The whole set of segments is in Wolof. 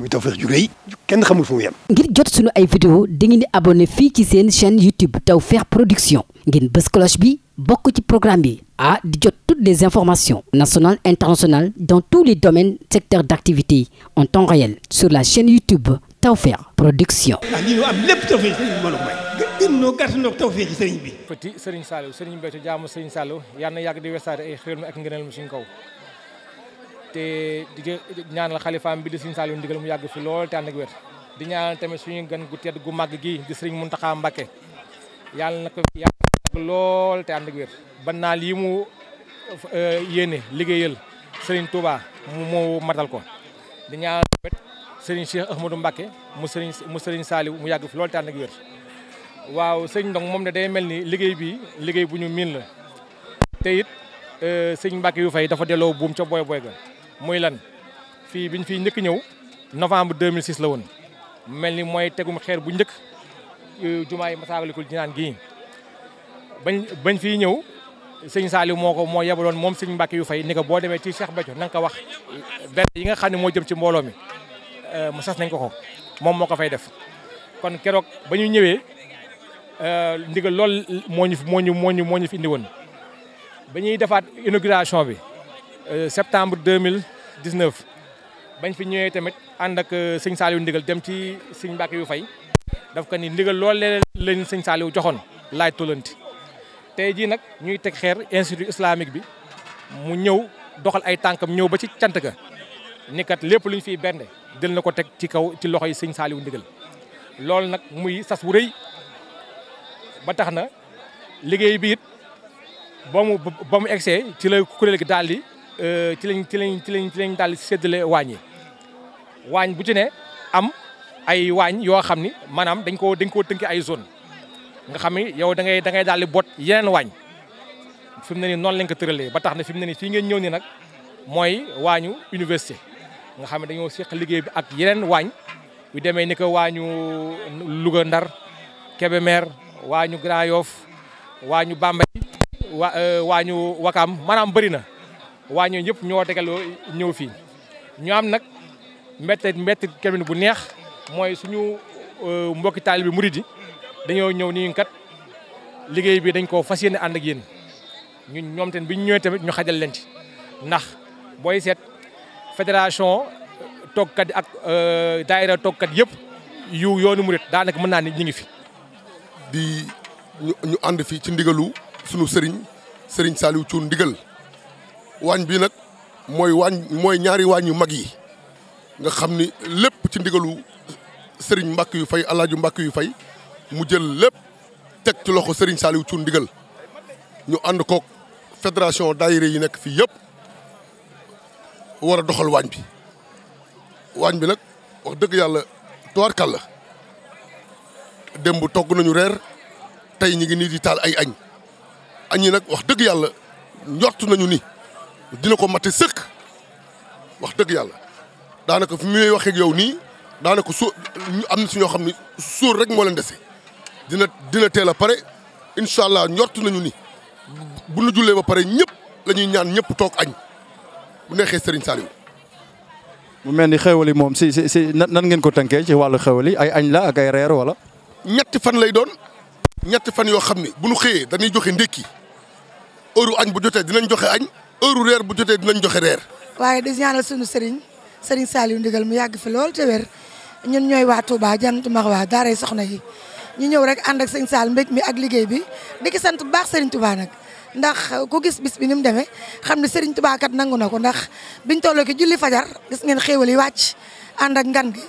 muy Tawfekh ju rëy kenn xamul fu ngir jot sunu ay vidéo dangeen di abonné fii ci seen chaîne YouTube Tawfekh Production ngeen bës bi bokk ci programme bi ah di jot toutes des informations national internationales dans tous les domaines secteurs d'activité en temps réel sur la chaîne YouTube Tawfekh Production. ah lii ñu am lépp Tawfekh sëriñ bi mbooloo mooy. gën ñoo gàtt ñoo Tawfekh sëriñ bi. fëti sëriñ Saliou yàlla na yàgg di wesaare ay xéwal mi ak ngëneel mi suñ kaw. te di ñaanal xalifaam bi di Serigne Saliou ndigal mu yàgg fi lool te ànd ak di ñaanal tamit suñu gan gu tedd gu màgg gi di Serigne Mountakha Mbacké yàlla na ko fi yàgg lool te ànd ak euh, liggéeyal Serigne Touba mu ko di ñaanal mu Serigne mu Serigne Saliou mu yàgg fi lool waaw sëñ Ndong moom da day mel ni liggéey bi liggéey bu ñu miin la te it euh, sëñ Mbacké yu fay dafa delloo buum ca boy boy ga muy lan fii biñ fiy njëkk ñëw novembre 2006 la woon mel ni mooy tegum xeer bu njëkk jumaa jumaay Masaalikul Jinaan gii bañ bañ fiy ñëw sëñ Saliou moo ko moo yebaloon moom sëñ Mbacke yu fay ni ko boo demee ti Cheikh Béthio na nga ko wax benn yi nga xam ne moo jëm ci mbooloo mi euh, mu sas nañ ko ko moom moo ko fay def kon keroog ba ñu ñëwee euh, ndigal lool moo ñu moo ñu moo ñu fi indi woon ba ñuy defaat inauguration bi Euh, septembre 2019 bañ fi ñëwee tamit ànd ak euh, sëñ Saliou ndigal dem ci sëñ Mbacke yu fay daf ko ni ndigal loolu leen sëñ Saliou joxoon laaj tollanti tey jii nag ñuy teg xeer institut islamique bi mu ñëw doxal ay tànkam ñëw ba ci cant ga nikat lépp luñ ñu benn bernde jël na ko teg ci kaw ci loxo yi sëñ Saliou ndigal loolu nag muy sas wu rëy ba tax na liggéey bi it ba mu ba mu egsee ci la kuréel gi daal di Euh, ci lañ ci lañ ci lañ ci lañ daal séddale waañ yi waañ bu ci ne am ay waañ yoo xam ni maanaam dañ koo dañ koo tënk ay zone nga xam ni yow da ngay da ngay daal di bot yeneen waañ fi ne nii noonu lañ ko tëralee ba tax na fi mu ne nii fii ngeen ñëw ni nag mooy waañu université nga xam ne dañoo seq liggéey bi ak yeneen waañ yu demee ni ko waañu Louga Ndar Kébémer waañu Grand Yoff waañu Bambey waa euh, waañu Wakaam maanaam bëri na waa ñooñu yëpp ñoo tegaloo ñëw fii ñu am nag mbett mbett kebin bu neex mooy suñu euh, mbokki taali bi murid di dañoo ñëw ni kat liggéey bi dañ koo fas yéene ànd ak yéen ñun ñoom bi ñu ñëwee tamit ñu xajal leen ci ndax booy seet fédération toogkat ak euh, daayira toogkat yëpp yu yoonu murid daanaka mën naa ni ñu ngi fi. di ñu ànd fii ci ndigalu sunu sëriñ sëriñ Saliou Thioune ndigal. waañ bi nag mooy waañ mooy ñaari waañ yu mag yi nga xam ni lépp ci ndigalu sëriñ mbàkk yu fay alaaju mbàkk yu fay mu jël lépp teg ci loxo sëriñ Saliou Thioune ndigal ñu ànd kook fédération daayira yi nekk fii yëpp war a doxal waañ bi waañ bi nag wax dëgg yàlla tuwaarkal la démb togg nañu reer tey ñi ngi nii di taal ay añ añ yi nag wax dëgg yàlla njort nañu ni dina ko mate sëkk wax dëgg yàlla daanaka fi muy waxee ak yow nii daanaka soo am na si ñoo xam ne sóor rek moo leen dese dina dina teel a pare incha allah njort nañu ni bu nu jullee ba pare ñëpp lañuy ñaan ñëpp toog añ bu neexee sëriñ Saliou. mu mel ni xewal yi moom si si nan ngeen ko tenkee ci wàllu xewal yi ay añ la ak ay reer wala. ñetti fan lay doon ñetti fan yoo xam ne bu nu xëyee dañuy joxe ndékki heure añ bu jotee dinañ joxe añ. heure reer bu jotee dinañ joxe reer. waaye di ñaanal suñu sëriñ sëriñ Saliou ndigal mu yàgg fi lool te wér ñun ñooy waa Touba jant max waa daaray soxna yi ñu ñëw rek ànd ak sëñ saal mbég mi ak liggéey bi di ki sant bu baax sëriñ Touba nag. ndax ku gis bis bi ni demee xam ne sëriñ Touba kat nangu na ko ndax biñ tolloo ki julli fajar gis ngeen xéewal yi wàcc ànd ak ngan gi.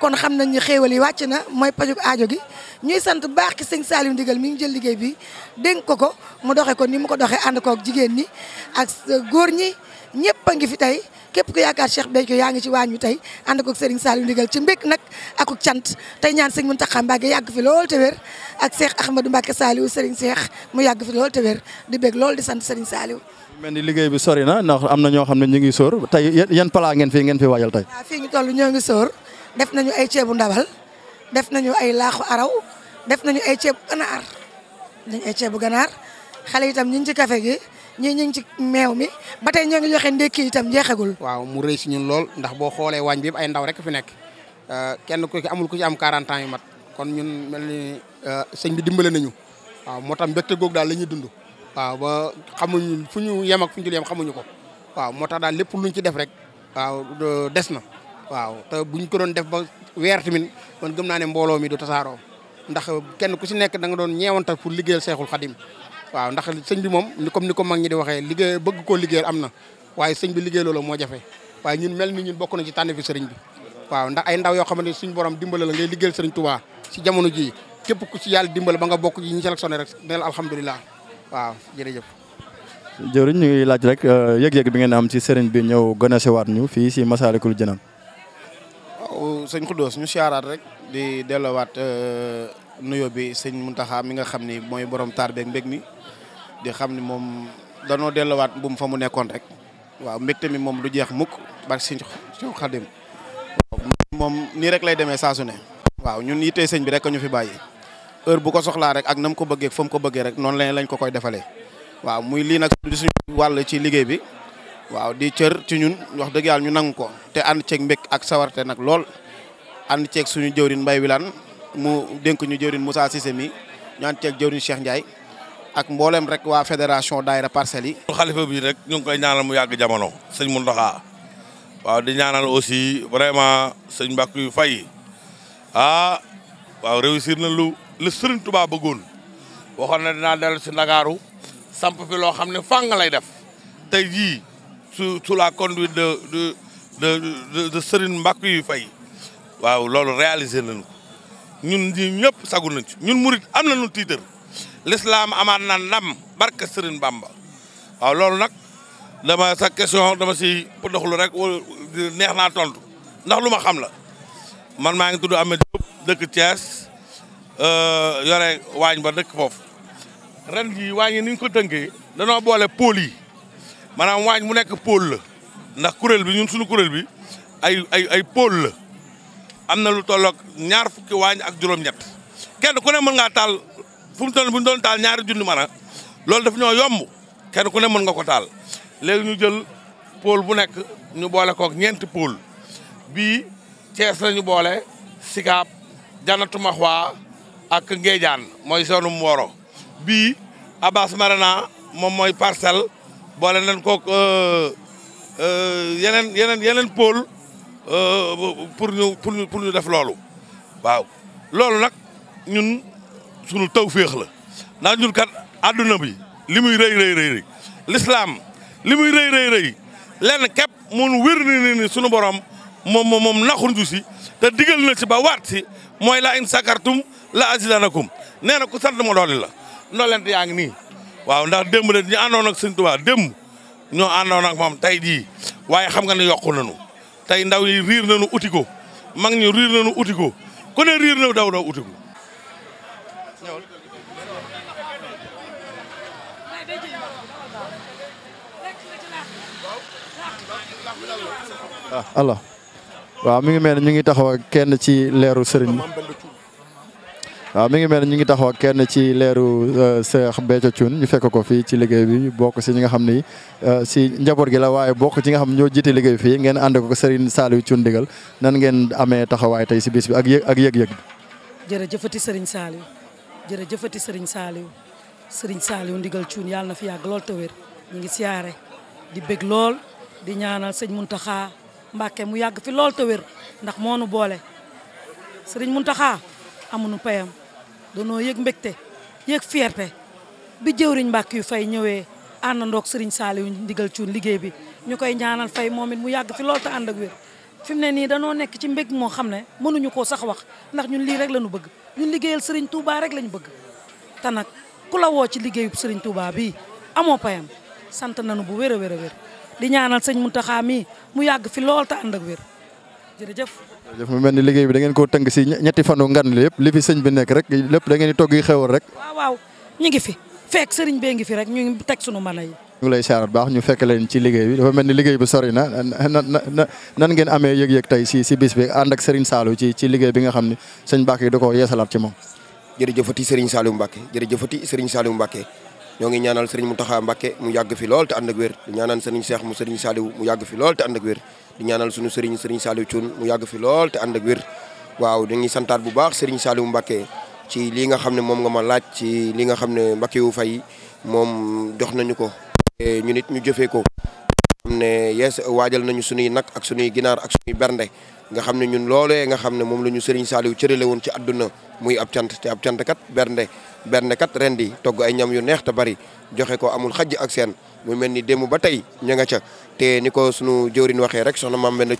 kon xam nañ ni xéewal yi wàcc na mooy pajuk aajo gi ñuy sant baax ki sëñ Saliou Ndigal mi ngi jël liggéey bi dénk ko ko mu doxe ko ni mu ko doxee ànd kook jigéen ñi ak góor ñi ñëpp a ngi fi tey képp ku yaakaar Cheikh yaa ngi ci waañ wi tey ànd kook Serigne Saliou ci mbég nag akuk cant tey ñaan lool te wér ak Cheikh Ahmadou Mbacké Saliou Serigne Cheikh mu yàgg fi lool te wér di bég lool di sant Serigne Saliou mel ni liggéey bi sori na ndax am na ñoo xam ne ñu ngi sóor tey yan palaa ngeen fi ngeen fi waajal tey waaw ngi toll ñoo ngi sóor def nañu ay ceebu ndabal def nañu ay laaxu araw def nañu ay ceebu ganaar dañ ay ceebu xale itam ñu ci kafe gi ñii ñu ngi ci meew mi ba tey ñoo ngi joxe ndékki itam jeexagul. waaw mu rëy si ñun lool ndax boo xoolee waañ bi ay ndaw rek fi nekk euh, kenn ku ci amul ku ci am 40 ans yu mat kon ñun mel ni euh, sëñ bi dimbale nañu waaw moo tax mbégte googu daal la ñuy dund. waaw ba fu ñu yem ak fu ñu yem xamuñu ko waaw moo tax daal lépp luñ ci def rek waaw des na. waaw te ñu ko doon def ba weer tamit man gëm naa ne mbooloo mi du tasaaroo ndax kenn ku si nekk da nga doon ñeewantal pour liggéeyal seexul xadim waaw ndax sëñ bi moom comme ni ko mag ñi di waxee liggéey bëgg koo liggéeyal am na waaye sëñ loolu moo jafe waaye ñun mel ni ñun bokk na ci tànn fi sëriñ bi waaw ndax ay ndaw yoo xamante ne suñu borom dimbale la ngay liggéeyal sëriñ Tuubaa si jamono jii képp ku si yàlla dimbale ba nga bokk ñu ñi sélectionné rek neel alhamdulilah waaw jërëjëf jëriñ ñu laaj rek yëg-yëg bi ngeen am si sëriñ bi ñëw gën a sewaat ñu fii si Masaalikul Jinaan sëñ Xuddoos ñu siyaaraat rek di delloowaat euh, nuyo bi sëñ Muntaxa mi nga xam ni mooy borom taar beeg mbég mi di xam ni moom danoo delloowaat mbuum fa mu nekkoon rek waaw mbégte mi moom du jeex mukk barke sëñ Xadim moom nii rek lay demee saa su ne waaw ñun yittee sëñ bi rek ñu fi bàyyi heure bu ko soxlaa rek ak nam ko bëggee fa ko bëggee rek noonu lañ ko koy defalee waaw muy lii nag di suñu ci liggéey bi waaw di cër ci ñun wax dëgg yàlla ñu nangu ko te ànd ceeg mbég ak sawarte nag lool ànd ceeg suñu jëwrin Mbaye Wilane mu dénk ñu jëwrin Moussa Cissé ñaan ñu ànd ceeg jëwrin Cheikh Ndiaye ak mboolem rek waa fédération daayira parcelles yi. xalifa bi rek ñu ngi koy ñaanal mu yàgg jamono sëñ Mountakha waaw di aussi vraiment sëñ Mbackiyou Faye ah waaw réussir na lu lu Serigne tubaab bëggoon waxoon na dinaa si Ndakaaru samp fi loo xam ne nga lay def tey jii sous la conduite de de de de Serigne Mbackiyou waaw loolu réalisé nañ ko ñun ñi ñëpp sagu nañ ci ñun murit am na nu tiitër lislaam amaat na ndam barke sërin Bamba waaw loolu nag dama sa question dama si pëdoxlu rek neex naa tontu ndax lu ma xam la man maa ngi tudd Ameth Diop dëkk Thiès euh, yore waañ ba dëkk foofu ren jii waañ ni ñu ko tënkee danoo boole pôle yi maanaam waañ mu nekk pôle la ndax kuréel bi ñun suñu kuréel bi ay ay ay pôle la am na lu tolloog ñaar fukki waañ ak juróom-ñett kenn ku ne mën ngaa taal fu mu toll bu ñu doon taal ñaari junni man a loolu daf ñoo yomb kenn ku ne mën nga ko taal léegi ñu jël pôle bu nekk ñu boole kook ñeenti pol bii Thiès la ñu boole Sikaab Janatu Maxwa ak Ngéejaan mooy zone Mboro bii Abbas Marana moom mooy parcelle boole nañ kook euh, euh, yeneen yeneen yeneen pôle Euh, euh, pour ñu pour pour ñu def loolu waaw loolu nag ñun sunu taw féex la ndax ñun kat àdduna bi li muy rëy rëy rëy lislaam li muy rey rëy rëy lenn képp mun wér ni ni sunu borom moom moom moom naxundu si te digal na si ba waat si mooy la in sakartum la azidanakum nee na ku sant ma doole la ndolente yaa ngi nii waaw ndax démb de ñu àndoon ak Sëñ Tuubaa démb ñoo àndoon moom tey jii waaye xam nga ne yokku nañu tey ndaw yi riir nañu uti ko mag ñi riir nañu uti ko ku ne riir na daw daw uti ko waaw mi ngi mel ne ñu ngi taxaw ak kenn ci leeru sëriñ bi waaw mi ngi mel ni ñu ngi taxaw kenn ci leeru euh, Cheikh Béthio Thioune ñu fekk ko fii ci liggéey bi bokk si ñi nga xam ni euh, si njaboot gi la waaye bokk ci nga xam ñoo jiite liggéey fi ngeen ànd ko Serigne Saliou Thioune Ndigal nan ngeen amee taxawaay tey si bis bi ak yëg ak jëfati yëg jërëjëfati jër Saliou jërëjëfati Serigne Saliou Serigne Saliou Ndigal Thioune yàlla na fi yàgg lool te wér ñu ngi siyaare di bég lool di ñaanal sëñ taxaa Mbacké mu yàgg fi lool te wér ndax moo nu boole Serigne Mountakha amuñu payam danoo yëg te yëg fierté bi jëwriñ mbàkk yu fay ñëwee àndandoog sëriñ Saaliw ndigal cuun liggéey bi ñu koy ñaanal fay moom mu yàgg fi lool te ak wér fi mu ne nii danoo nekk ci mbég moo xam ne mënuñu koo sax wax ndax ñun lii rek lañu bëgg ñun liggéeyal sëriñ Touba la ñu bëgg te nag ku la woo ci liggéeyub sëriñ Touba bi amoo payam sant nañu bu wér a wér a wér di ñaanal sëñ Muntaxa mi mu yàgg fi lool te ànd ak wér jërëjëf mu mel ni liggéey bi da ngeen koo tënk si ñetti fanu ngan li yëpp li fi sëñ bi nekk rek lépp da ngeen di rek waaw waaw ñu ngi fi fekk sëriñ bee ngi fi rek ñu ngi teg sunu mala yi ñu lay saarat baax ñu fekk leen ci liggéey bi dafa mel ni liggéey bi sori na nan ngeen amee yëg-yëg tey si si bis bi ànd ak sëriñ Saliou ci ci liggéey bi nga xam ne sëñ Mbacke da ko yeesalaat ci moom jërëjëfati sëriñ Saliou Mbacke jërëjëfati sëriñ Saliou Mbacke ñoo ngi ñaanal sëriñ Mountakha Mbacké mu yàgg fi lool te ànd ak wér di ñaanal sëriñ seex mu sëriñ Saliou mu yàgg fi lool te ànd ak wér di ñaanal suñu sëriñ sëriñ Saliou Thioune mu yàgg fi lool te ànd ak waaw dañuy santaat bu baax sëriñ Saliou Mbacké ci lii nga xam ne moom nga ma laaj ci li nga xam ne Mbacké wu fay moom jox nañu ko e, ñu nit ñu jëfee ko xam ne yees waajal nañu suñuy nag ak suñuy ginaar ak suñuy bernde nga xam ne ñun loolee nga xam ne moom lañu ñu Serigne Saliou cërale woon ci àdduna muy ab cant te ab cant kat bernde bernde kat ren di togg ay ñam yu neex te bari joxe ko amul xaj ak seen mu mel ni démb ba tey ña nga ca te ni ko sunu jëwriñ waxee rek soxna maam benn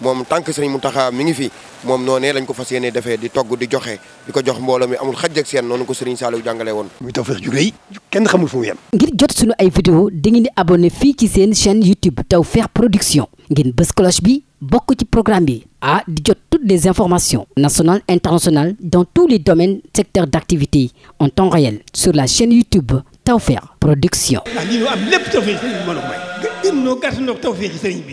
moom tant que Serigne Mountakha mi ngi fi moom noonee lañ ko fas yéene defee di togg di joxe di ko jox mbooloo mi amul xaj ak seen noonu ko Serigne Saliou jàngale woon. muy Tawfekh jugee yi kenn xamul fu mu ngir jot sunu ay vidéo dangeen di abonné fii ci seen chaîne YouTube Tawfekh Production ngeen bës bi bokk ci programme bi ah di jot toutes les informations nationales internationales dans tous les domaines secteurs d'activité en temps réel sur la chaîne YouTube ah, a